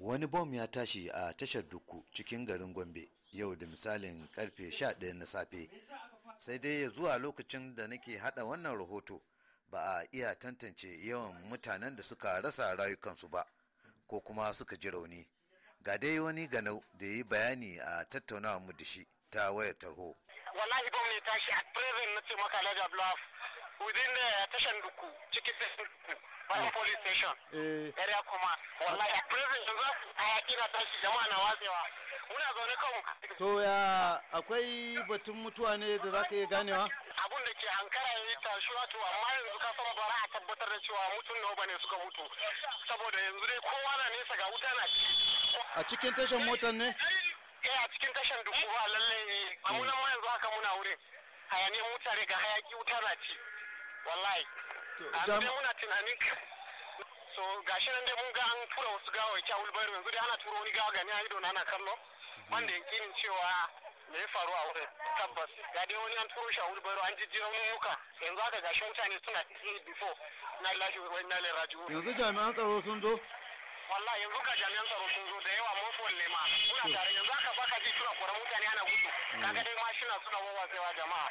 wani bom ya tashi a tashar duku cikin garin gombe yau da misalin karfe 11 na safe sai dai ya zuwa lokacin da nake hada wannan rahoto ba a iya tantance yawan mutanen da suka rasa rayukansu ba ko kuma suka ji rauni ga dai wani ganau da ya yi bayani a tattaunawa mu da shi ta wayar tarho wallahi bom ne tashi a present na ce maka bluff within the tashan duku cikin tashan duku bayan ah. police station eh. area kuma wallahi a ah. prison yanzu a kina na tashi jama'a na watsewa muna zaune kan to ya akwai batun mutuwa ne da za ka iya ganewa abun da ke hankara ya yi tashuwa to amma yanzu ka san bara a tabbatar da cewa mutun nawa bane suka mutu saboda yanzu dai kowa na nesa ga wuta na ci a cikin tashan motar ne eh a cikin tashan duku ba lalle amma munan ma yanzu haka muna wurin hayaniyar mutare ga hayaki wuta na ci wallahi amma dai muna tunanin so gashi nan dai mun ga an tura wasu ya a wulbari yanzu dai ana turo wani gawa gani a ido na ana kallo wanda yakinin cewa me ya faru a wurin tabbas ga dai wani an turo shi a wulbari an jijjira muka yanzu haka gashi mutane suna cikin before na lashi wani na lera jiwo yanzu jami'an tsaro sun zo wallahi yanzu ga jami'an tsaro sun zo da yawa mafi wanne ma muna tare yanzu haka baka ji tura kwarar mutane ana gudu mm. kaga dai mashina suna wawasewa jama'a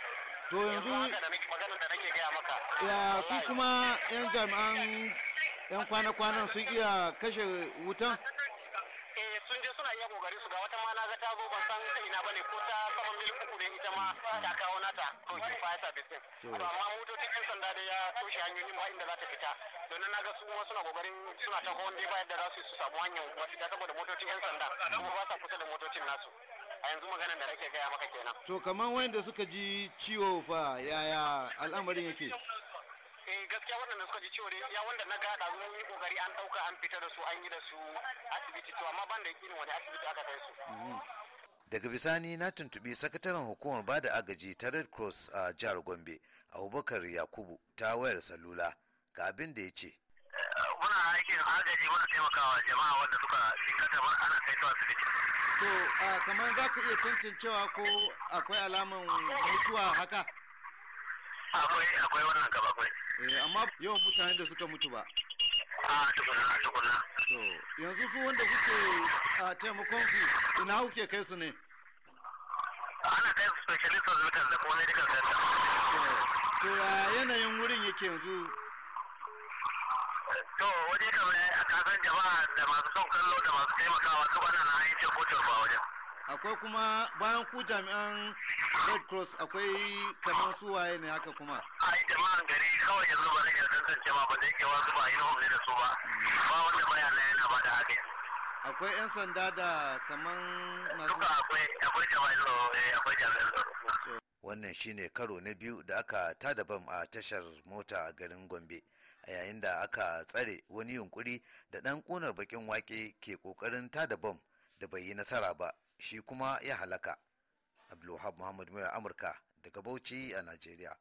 to yanzu maganar da nake gaya maka ya su kuma yan jami'an yan kwana-kwanan sun iya kashe wutan eh sun je suna iya kokari su ga wata ma na ga ta zo ban san ta ina bane ko ta saman mil uku ne ita ma ta kawo nata to ki fa ta bisin to amma motocin yan sanda da ya toshe hanyoyin ba inda za ta fita don na ga su kuma suna kokarin suna ta ko wanda ba yadda za su samu hanyar ta saboda motocin yan sanda kuma ba sa kusa da motocin nasu a yanzu magana da rake gaya maka kenan to kamar wanda suka ji ciwo fa yaya al'amarin yake eh gaskiya waɗanda suka ji ciwo dai ya wanda na gada mun yi kokari an ɗauka an fita da su an yi da su asibiti to amma ban da yakinin wani asibiti aka kai su mhm. daga bisani na tuntubi sakataren hukumar ba da agaji ta red cross a jihar gombe abubakar yakubu ta wayar salula ga abin da ya ce muna aikin agaji muna taimakawa jama'a wanda suka jikata bar ana kai su asibiti. To kamar za ka iya tantancewa ko akwai alaman mutuwa haka? Akwai akwai wannan gaba akwai. Eh amma yawan mutanen da suka mutu ba. A tukuna a tukuna. To yanzu su wanda kuke taimakon su ina kuke kai su ne? Ana kai su specialist hospital da kuma medical center. To ya yanayin wurin yake yanzu to waje kamar a kasan jama'a da masu son kallo da masu taimakawa su bana na hanyar cin fotar ba wajen akwai kuma bayan ku jami'an red cross akwai kamar su waye ne haka kuma yi jama'an gari kawai yanzu ba zai iya tantance ba ba zai kewa wasu ba yi homle da su ba ba wanda baya na yana ba da haka akwai yan sanda da kaman masu duka akwai akwai eh, akwai jami'an wannan shine karo na biyu da aka tada bam a tashar mota a garin gombe a yayin da aka tsare wani yunkuri da ɗan ƙunar bakin wake ke ƙoƙarin tada bam da bai yi nasara ba shi kuma ya halaka abdulwahab muhammad mai amurka daga bauchi a najeriya